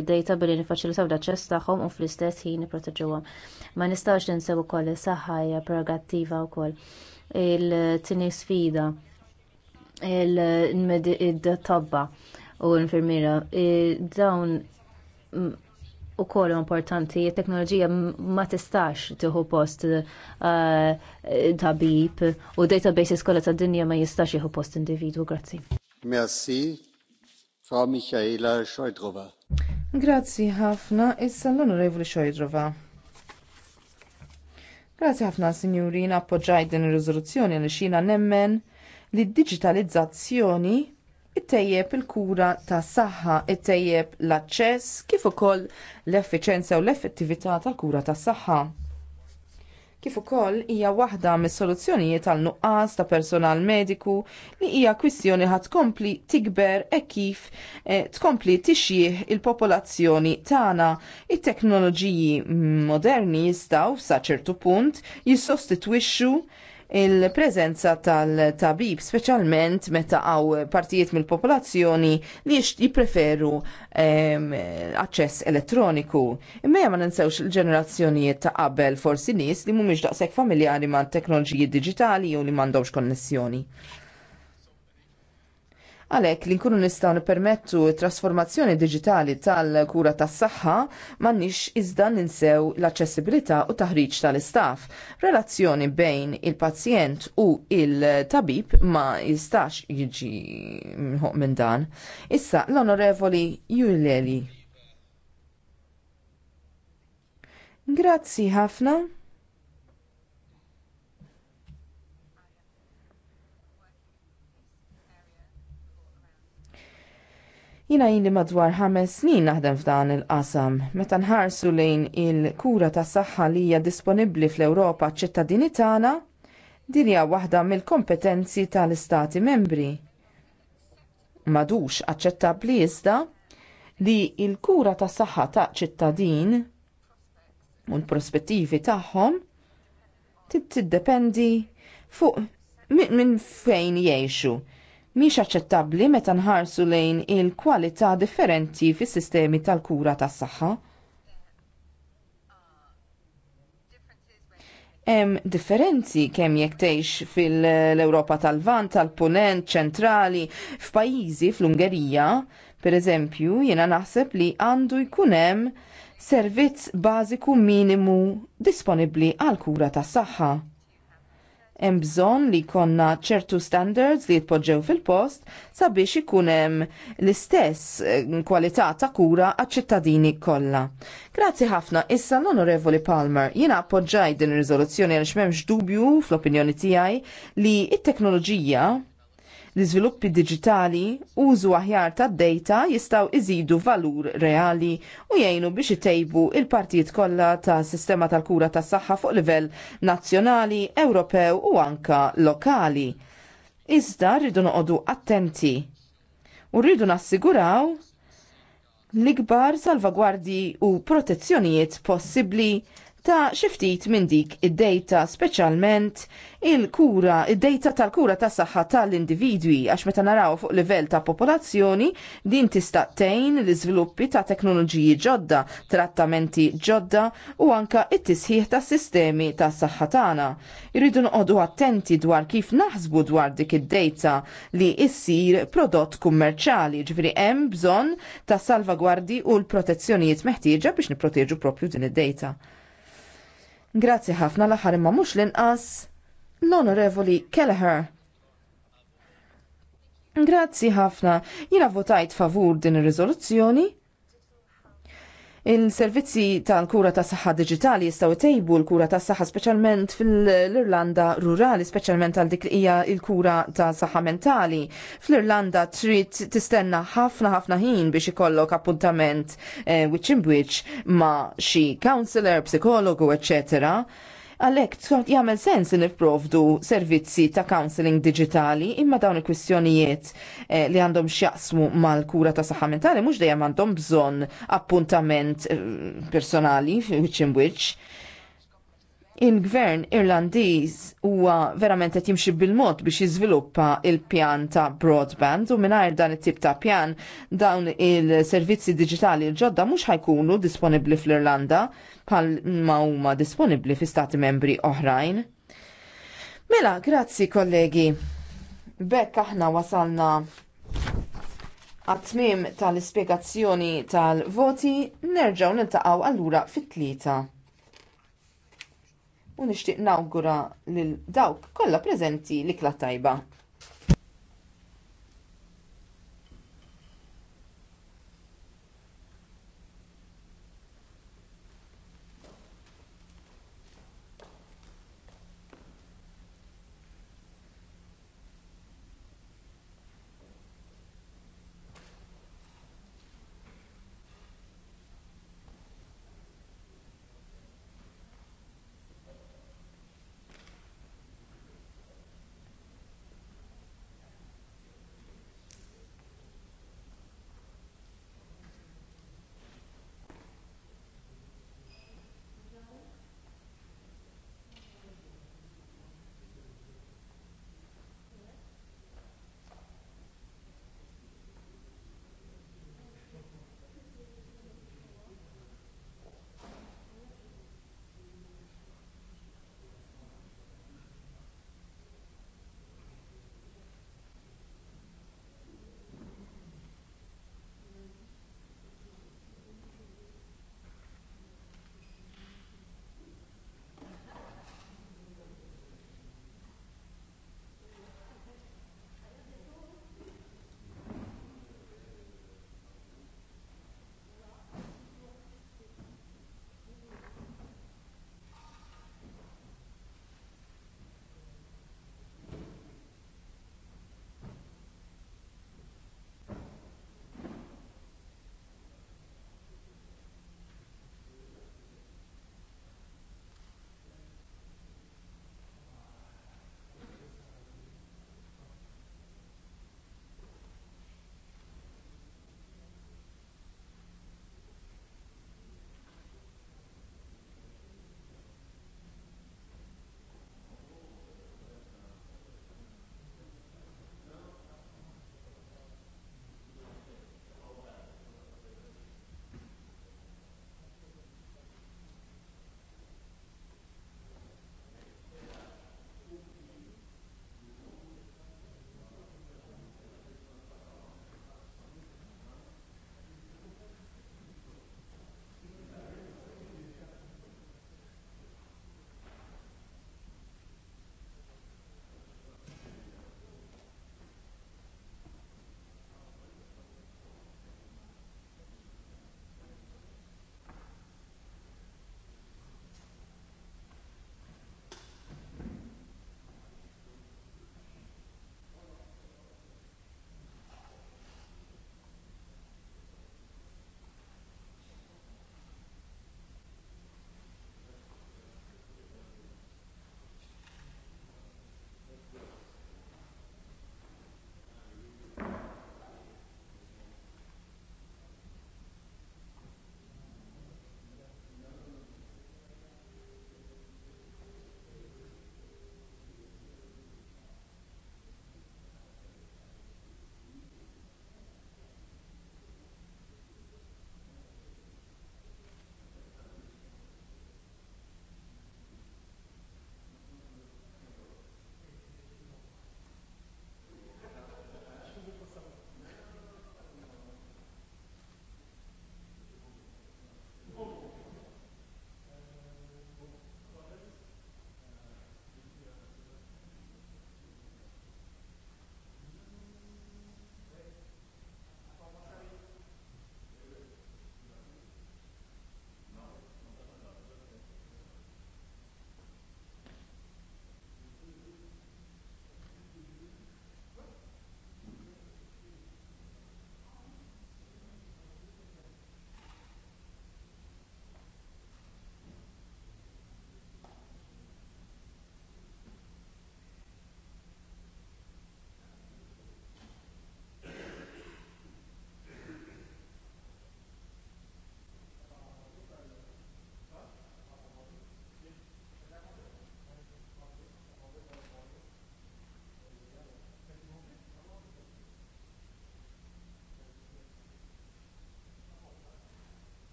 id-dejta billi nifaċilitaw l-aċċess tagħhom u fl-istess ħin nipproteġuhom. Ma nistgħux ninsew ukoll is-saħħa hija prerogattiva wkoll. Il-tieni sfida il tobba u l-infirmiera dawn ukoll importanti, it-teknoloġija ma tistax tieħu post eh, tabib u databases kollha tad-dinja ma jistax jieħu post individwu, grazzi. Merci. Frau Michaela Grazzi ħafna, issa l-Onorevoli Xojdrova. Grazzi ħafna, Sinjuri, appoġġaj din ir-riżoluzzjoni li xina nemmen li d-digitalizzazzjoni tejjeb il-kura tas saħħa, ittejjeb l-aċċess kif ukoll l-effiċenza u l-effettività tal-kura tas saħħa kif ukoll hija waħda mis-soluzzjonijiet għall nuqqas ta' personal mediku li hija kwistjoni ħad tkompli tikber e kif e, tkompli tixjih il-popolazzjoni tagħna. It-teknoloġiji moderni jistgħu sa ċertu punt jissostitwixxu il-preżenza tal-tabib, speċjalment meta għaw partijiet mill-popolazzjoni li jipreferu ehm, aċċess elettroniku. Imma ma ninsewx il-ġenerazzjonijiet ta' qabel forsi nies li mhumiex daqshekk familjari ma' teknoloġiji diġitali jew li m'għandhomx konnessjoni. Għalhekk li nkunu nistgħu nippermettu t trasformazzjoni digitali tal-kura tas-saħħa m'għandniex iżda ninsew l-aċċessibilità u taħriġ tal-istaff. Relazzjoni bejn il-pazjent u il-tabib ma jistax jiġi minn dan. Issa l-Onorevoli Juleli. Grazzi ħafna. Jina li madwar ħames snin naħdem f'dan il-qasam, meta nħarsu lejn il-kura ta' saħħa li hija disponibbli fl-Ewropa ċittadini tagħna, din hija waħda mill-kompetenzi tal-Istati membri. Madux aċċettabbli iżda li il-kura ta' saħħa ta' ċittadin u l-prospettivi tagħhom tiddependi fuq minn fejn jgħixu mhix aċċettabbli meta nħarsu lejn il-kwalità differenti fis-sistemi tal-kura tas-saħħa. Hemm differenzi kemm jekk tgħix fil-Ewropa tal-Vant, tal-Punent, ċentrali, f'pajjiżi fl-Ungerija, pereżempju, jiena naħseb li għandu jkun hemm servizz bażiku minimu disponibbli għal kura tas-saħħa hemm bżonn li jkollna ċertu standards li jitpoġġew fil-post sabiex ikun hemm l-istess eh, kwalità ta' kura għaċ-ċittadini kollha. Grazzi ħafna issa l-Onorevoli Palmer jiena appoġġaj din ir-riżoluzzjoni għaliex m'hemmx dubju fl-opinjoni tiegħi li t teknoloġija L-iżviluppi diġitali, użu aħjar tad-data jistgħu iżidu valur reali u jgħinu biex itejbu il-partijiet kollha tas sistema tal-kura tas-saħħa fuq livell nazzjonali, Ewropew u anka lokali. Iżda rridu noqogħdu attenti u rridu nassiguraw l-ikbar salvagwardi u protezzjonijiet possibbli ta' xiftit minn dik id-dejta speċjalment il-kura, id-dejta tal-kura ta' saħħa tal-individwi għax meta naraw fuq livell ta' popolazzjoni din tista' tgħin l-iżviluppi ta' teknoloġiji ġodda, trattamenti ġodda u anka it-tisħiħ ta' sistemi ta' saħħa tagħna. Irridu noqogħdu attenti dwar kif naħsbu dwar dik id-dejta li issir prodott kummerċali, ġifieri hemm bżonn ta' salvagwardi u l-protezzjonijiet meħtieġa biex nipproteġu propju din id-dejta. Grazzi ħafna l-aħħar imma mhux l-inqas l-Onorevoli Kelleher. Grazzi ħafna, jiena votajt favur din ir-riżoluzzjoni Il-servizzi tal-kura ta' saħħa digitali jistgħu tejbu l-kura ta' saħħa speċjalment fil-Irlanda rurali, speċjalment għal dik hija l-kura ta' saħħa mentali. Fl-Irlanda trid tistenna ħafna ħafna ħin biex ikollok appuntament eh, wiċċ imbiċ ma' xi counselor, psikologu, eccetera. Għalhekk sort jagħmel sens li nipprovdu servizzi ta' counseling digitali imma dawn il-kwistjonijiet eh, li għandhom x'jaqsmu mal-kura ta' saħħa mentali mhux dejjem għandhom bżonn appuntament eh, personali which in which il-gvern Irlandiż huwa verament qed jimxi bil-mod biex jiżviluppa il-pjan ta' broadband u mingħajr dan it-tip ta' pjan dawn il-servizzi diġitali l-ġodda mhux ħajkunu disponibbli fl-Irlanda bħal ma huma disponibbli fi stati membri oħrajn. Mela, grazzi kollegi. Bekk aħna wasalna għat tmiem tal ispjegazzjoni tal-voti, nerġaw niltaqgħu allura fit-tlieta u nixtieq nawgura lil dawk kollha preżenti l-ikla tajba.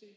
Grazzi.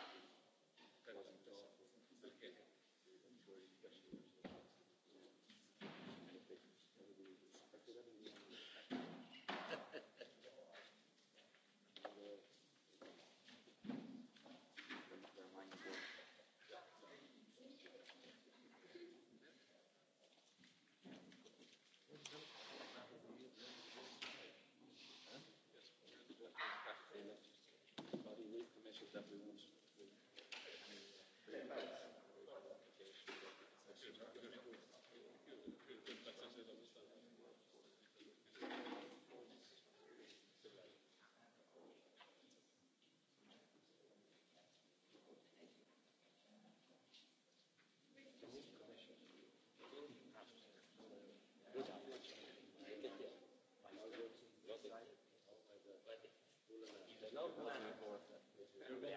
you. Good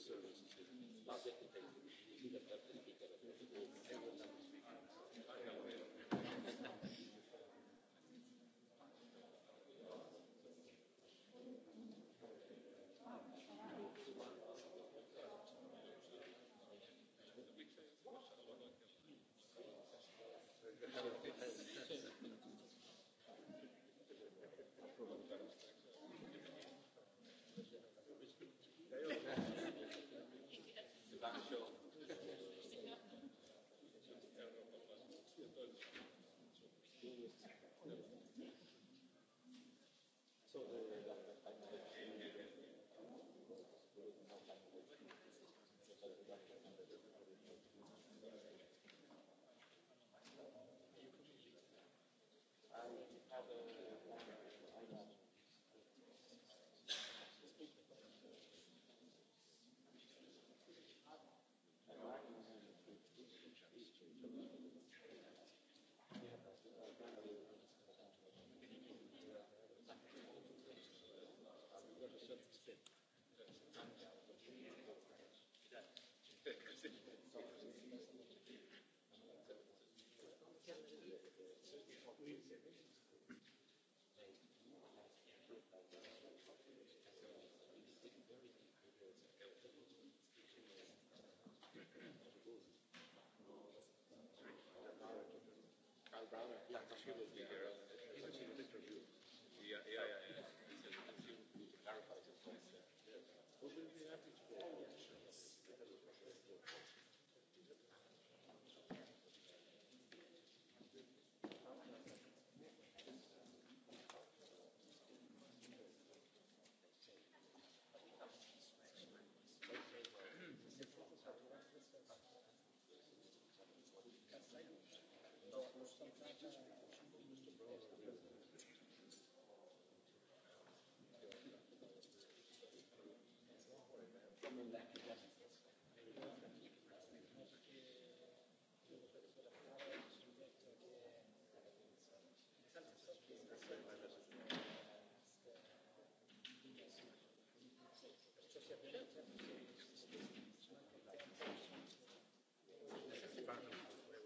services. Not that it takes. So the Yeah, yeah, yeah. yeah.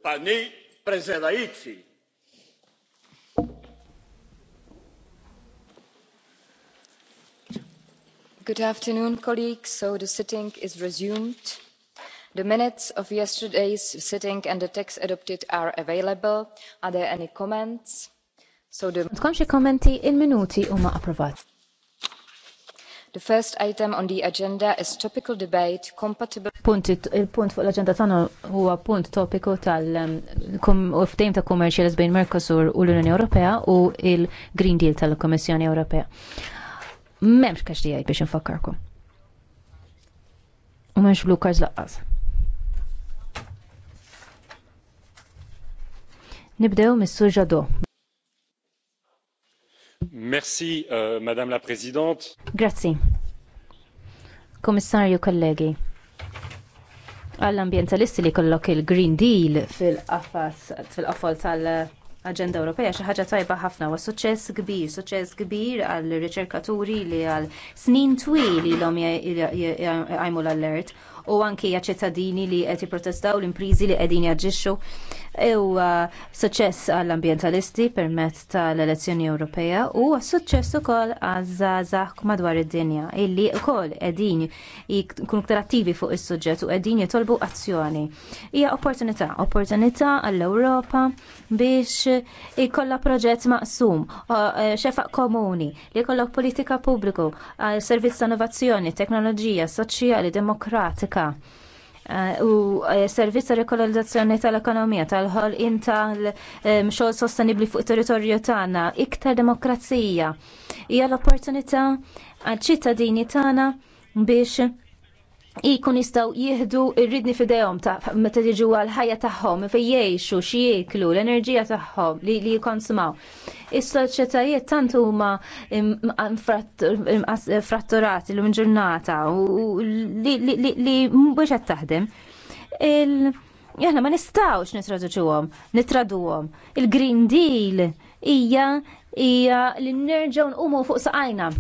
pani preżeda jitfi. Good afternoon, colleagues. So the sitting is resumed. The minutes of yesterday's sitting and the text adopted are available. Are there any comments? So the... Tkomxie kommenti il-minuti huma approvati first item on the agenda is topical debate compatible Punt il-punt fuq l agenda tagħna huwa punt topiku tal-ftehim um, ta' commercials bejn Mercosur u l-Unjoni Ewropea u il-Green Deal tal-Kummissjoni Ewropea. M'hemmx kax tiegħi biex infakkarkom. U m'hemmx blue laqqas. Nibdew mis-sur Merci, euh, Madame la President. Grazzi. Kommissarju kollegi għall-ambjentalisti li kollok il-Green Deal fil fil-qafol tal-Aġenda Ewropea xi ħaġa tajba ħafna wa suċċess kbir, suċċess kbir għall riċerkaturi li għal snin twil ilhom jgħajmu l-allert u anki ċittadini li qed jipprotestaw l-imprizi li qegħdin jaġixxu huwa suċċess għall-ambjentalisti permezz tal-elezzjoni Ewropea u suċċess ukoll għaż-żgħażagħ madwar id-dinja illi wkoll qegħdin jkunu ktar attivi fuq is-suġġett u qegħdin jitolbu azzjoni. Hija opportunità, opportunità għall-Ewropa biex ikollha proġett maqsum, e, xefaq komuni li jkollok politika pubbliku għal servizz ta' innovazzjoni, teknoloġija soċjali, demokratika Amerika. Eh, u eh, servizz ta' rekolonizzazzjoni tal-ekonomija tal-ħolqien tal-xogħol sostenibbli fuq territorju tagħna, iktar demokrazija. Hija l-opportunità għaċ-ċittadini tagħna biex jkun jistgħu jieħdu ir-ridni fidejhom ta' meta jiġu għal ħajja tagħhom fejn jgħixu x'jieklu l-enerġija tagħhom li jikkonsumaw. Is-soċjetajiet tant huma fratturati l ġurnata u li mhux qed taħdem. Jahna ma nistawx nitraduċuhom, nitraduhom. Il-Green Deal hija hija li nerġgħu nqumu fuq saqajna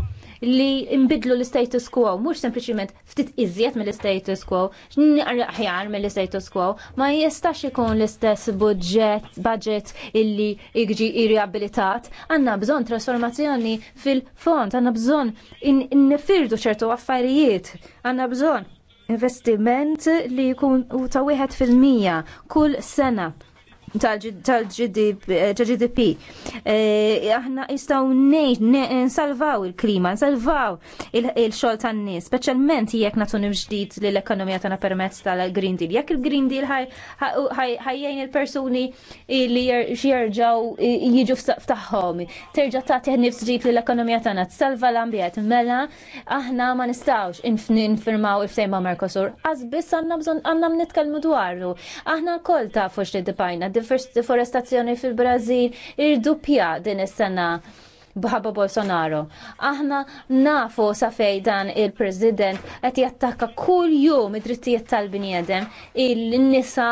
li imbidlu l-status quo, mhux sempliciment ftit iżjed mill-status quo, x'naqraħjar mill-status quo, ma jistax ikun l-istess budget budget illi jġi irriabilitat, għandna bżonn trasformazzjoni fil-fond, għandna bżonn in ċertu affarijiet, għandna bżonn investiment li jkun ta' wieħed fil-mija kull sena tal-GDP. Eh, eh, aħna jistaw nsalvaw il-klima, nsalvaw il-xol tan-nies, speċjalment jekk nagħtu ġdid lill-ekonomija tagħna permezz tal-Green Deal. Jekk il-Green Deal ħajjajn il-persuni li jerġgħu jiġu f'taħħom, terġa' tagħti ħnif ġdid lill-ekonomija tagħna, salva l-ambjent, mela aħna ma nistgħux infirmaw iftejma' ma' Mercosur. Azbis għanna bżon għanna nitkellmu dwarru. Aħna kol tafu d deforestazzjoni fil-Brażil irduppja din is-sena bħabba Bolsonaro. Aħna nafu sa fej dan il-President qed jattakka kull jum id-drittijiet tal-bniedem il-nisa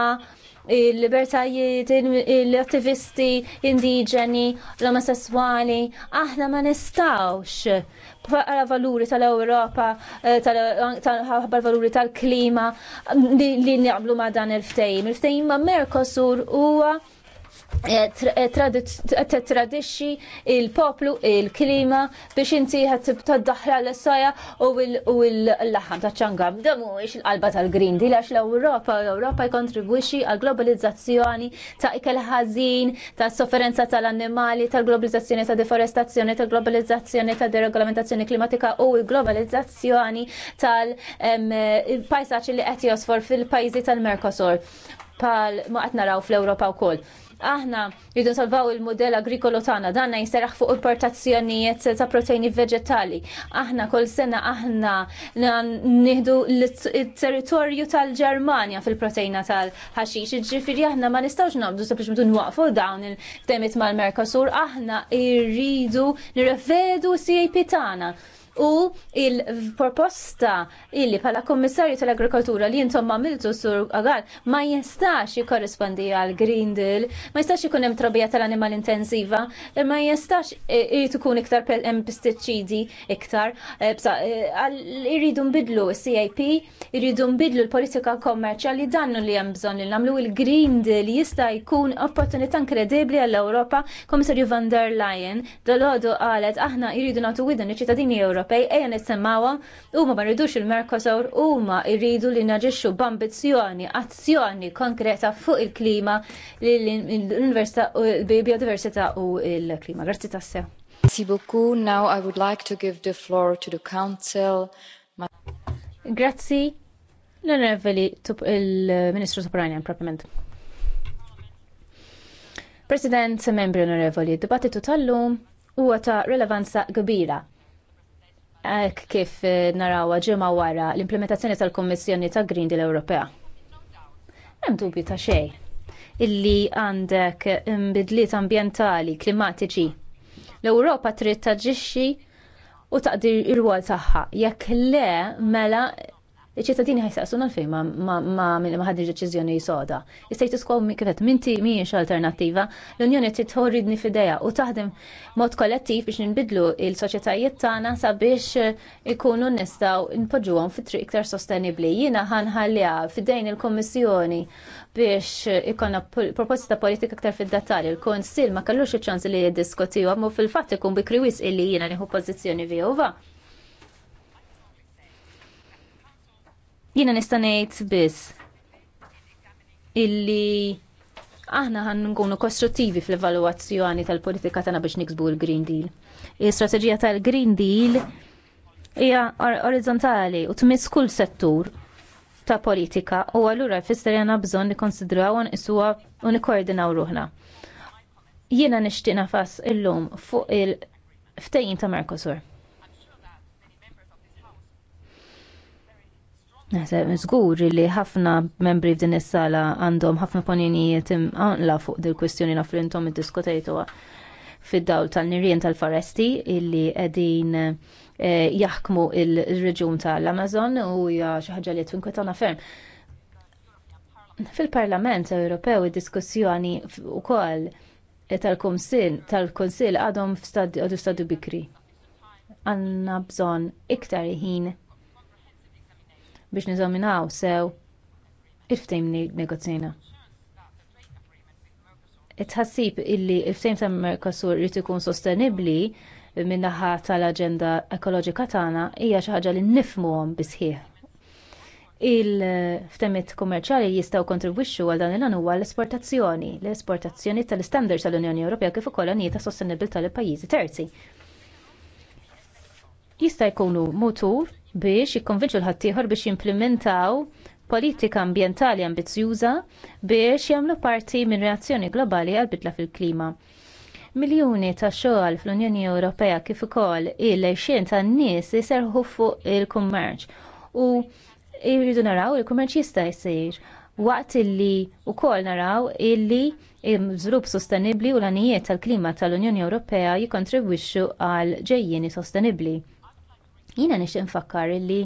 il-libertajiet, l-attivisti indiġeni, l-omosessuali, aħna ma nistawx għala valuri tal-Europa, eh, tal-ħabar valuri tal-klima li n-niqblu ma dan il-ftejim. Il-ftejim ma Merkosur huwa Eh, eh, tradixxi il-poplu, il-klima biex inti ħadd taddaħla l essaja u l-laħam ta' ċangam. Da ix il-qalba tal-Green Deal għax l-Ewropa, l-Ewropa jkontribwixxi għal globalizzazzjoni ta' ikel ħażin, ta' sofferenza tal-annimali, tal-globalizzazzjoni ta' deforestazzjoni, tal-globalizzazzjoni ta' deregolamentazzjoni klimatika u l-globalizzazzjoni tal-pajsaċ li qed josfor fil-pajjiżi tal-Mercosur pal ma qed naraw fl-Ewropa wkoll. Aħna jridu salvaw il-modell agrikolo tagħna danna jinseraħ fuq importazzjonijiet ta' proteini veġetali. Aħna kol sena aħna nieħdu l-territorju tal-Ġermanja fil-proteina tal-ħaxix. Ġifieri aħna ma nistgħux sabiex sempliċement nwaqfu dawn il-temiet mal-Merkosur, aħna irridu nirrevedu CAP tagħna u il-proposta illi pala kommissarju tal-agrikoltura li jintom miltu sur għagħal ma jistax jikorrespondi għal Green Deal, ma jistax ikun hemm trobija tal-animal intensiva, ma jistax eh, irid ikun iktar em pestiċidi iktar, eh, eh, irridu nbidlu CIP, irridu nbidlu l-politika kommerċjali dannu li hemm bżonn li nagħmlu il-Green Deal jista' jkun opportunità inkredibbli għall-Ewropa, kommissarju van der Leyen, dal-għodu qalet aħna irridu nagħtu widen iċ-ċittadini Ewropa Ewropej ejja nisimgħuha huma ma rridux il-Mercosur huma jridu li naġixxu b'ambizzjoni, azzjoni konkreta fuq il-klima l-biodiversità u l-klima. Grazzi tassew. Merci Now I would like to give the floor to the Council. Grazzi l-onorevoli il-Ministru Sopranjan propriament. President, membri onorevoli, dibattitu tal-lum huwa ta' rilevanza kbira hekk kif eh, narawha ġimgħa wara l-implementazzjoni tal-Kummissjoni ta' Green Deal Ewropea. Hemm dubju ta' xejn illi għandek imbidliet ambjentali, klimatiċi. L-Ewropa trid taġixxi u taqdir ir-rwol tagħha. Jekk le mela Iċ-ċittadini ħajsaqsuna l-fejn ma minn ma ħadġi deċiżjoni soda. Is-status quo kifet minti mhijiex alternattiva, l-Unjoni trid tħorridni f'idea u taħdem mod kollettiv biex ninbidlu il-soċjetajiet tagħna sabiex eh, ikunu nistgħu npoġġuhom fit-triq iktar sostenibbli. Jiena ħanħalliha f'idejn il-Kommissjoni biex eh, ikonna proposti ta' politika aktar fid dettalji Il-Konsil ma kellux iċ-ċans li jiddiskutihom u fil-fatt ikun bikri wisq illi jiena nieħu pożizzjoni vijuva. Jiena nista' ngħid biss illi aħna ħan nkunu kostruttivi fl-evaluazzjoni tal-politika tagħna biex niksbu l-Green Deal. il strateġija tal-Green Deal hija orizzontali u tmiss kull settur ta' politika u allura jfisser jana bżonn nikkonsidraw nqisuha u nikkoordinaw ruħna. Jiena nixtieq nafas illum fuq il ftejn ta' Mercosur. Naħseb żgur li ħafna membri f'din is-sala għandhom ħafna opinjonijiet imqanqla fuq dil kwistjoni naf li intom iddiskutejtuha fid-dawl tal-nirien tal-foresti illi qegħdin eh, jaħkmu il-reġjun tal-Amazon u hija xi ħaġa li twinkwetana ferm. Fil-Parlament Ewropew id-diskussjoni wkoll tal-Kunsill tal-Kunsill għadhom f'stadju bikri. Għandna bżonn iktar ħin biex niżaminaw sew il-ftehim li it-tħassib illi l-ftehim ta' mercosur jrid ikun sostenibbli min-naħa tal-aġenda ekoloġika tagħna hija xi ħaġa li nifhmuhom bisħieħ. Il-ftemiet kummerċjali jistgħu kontribwixxu għal dan il-għan huwa l-esportazzjoni, l-esportazzjoni tal-istandards tal-Unjoni Ewropea kif ukoll għanijiet ta' sostenibil tal-pajjiżi terzi. Jista' jkunu mutur biex jikkonvinċu l-ħaddieħor biex jimplementaw politika ambjentali ambizzjuża biex jagħmlu parti minn reazzjoni globali għall bidla fil-klima. Miljuni ta' xogħol fl-Unjoni Ewropea kif ukoll il-lejxien tan-nies iserħu fuq il-kummerċ u jridu naraw il-kummerċ jista' jsir waqt illi wkoll naraw illi żvilupp sostenibbli u l-anijiet tal-klima tal-Unjoni Ewropea jikkontribwixxu għal ġejjieni sostenibbli. Jiena nixtieq nfakkar li